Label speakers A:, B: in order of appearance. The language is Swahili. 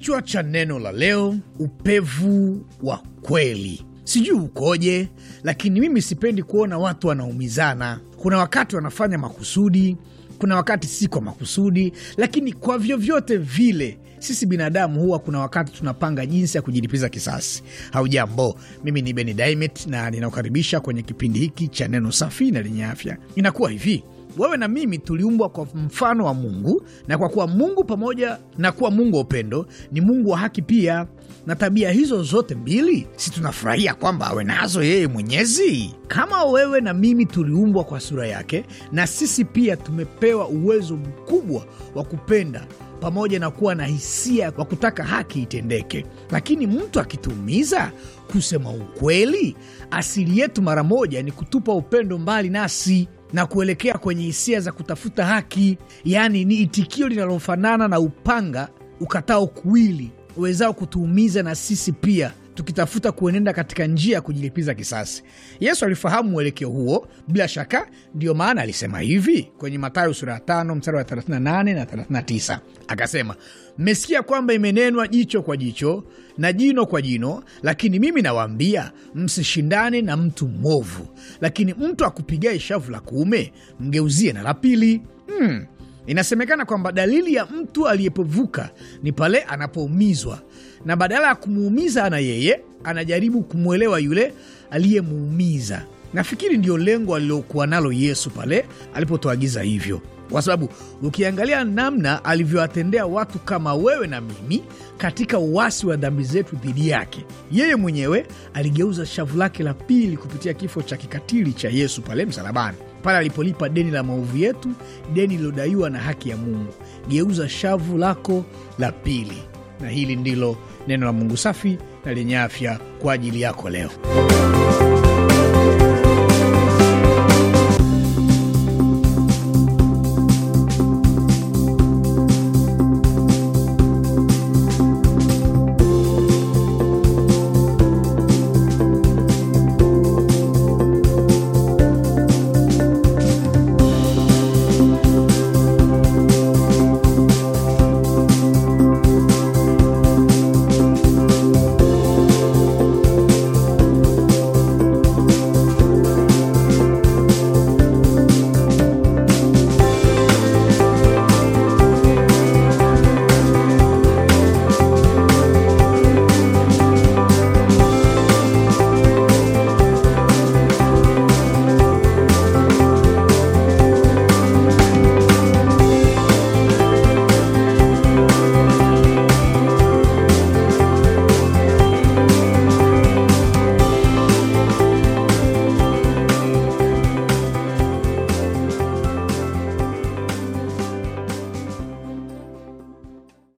A: Kichwa cha neno la leo, upevu wa kweli. Sijui ukoje, lakini mimi sipendi kuona watu wanaumizana. Kuna wakati wanafanya makusudi, kuna wakati si kwa makusudi, lakini kwa vyovyote vile sisi binadamu huwa kuna wakati tunapanga jinsi ya kujilipiza kisasi. Haujambo, mimi ni Beni Dimet na ninakukaribisha kwenye kipindi hiki cha neno safi na lenye afya. Inakuwa hivi wewe na mimi tuliumbwa kwa mfano wa Mungu, na kwa kuwa Mungu pamoja na kuwa Mungu wa upendo, ni Mungu wa haki pia, na tabia hizo zote mbili si tunafurahia kwamba awe nazo yeye Mwenyezi. Kama wewe na mimi tuliumbwa kwa sura yake, na sisi pia tumepewa uwezo mkubwa wa kupenda pamoja na kuwa na hisia wa kutaka haki itendeke. Lakini mtu akituumiza, kusema ukweli, asili yetu mara moja ni kutupa upendo mbali nasi na kuelekea kwenye hisia za kutafuta haki, yaani ni itikio linalofanana na upanga ukatao kuwili uwezao kutuumiza na sisi pia tukitafuta kuenenda katika njia ya kujilipiza kisasi. Yesu alifahamu mwelekeo huo bila shaka, ndiyo maana alisema hivi kwenye Mathayo sura ya 5 mstari wa 38 na 39, akasema, mmesikia kwamba imenenwa jicho kwa jicho na jino kwa jino, lakini mimi nawaambia msishindane na mtu mwovu, lakini mtu akupigae shavu la kuume mgeuzie na la pili. hmm. Inasemekana kwamba dalili ya mtu aliyepovuka ni pale anapoumizwa, na badala ya kumuumiza na yeye anajaribu kumwelewa yule aliyemuumiza. Nafikiri ndiyo lengo alilokuwa nalo Yesu pale alipotuagiza hivyo, kwa sababu ukiangalia namna alivyowatendea watu kama wewe na mimi katika uasi wa dhambi zetu dhidi yake, yeye mwenyewe aligeuza shavu lake la pili kupitia kifo cha kikatili cha Yesu pale msalabani pale alipolipa deni la maovu yetu, deni lilodaiwa na haki ya Mungu. Geuza shavu lako la pili. Na hili ndilo neno la Mungu safi na lenye afya kwa ajili yako leo.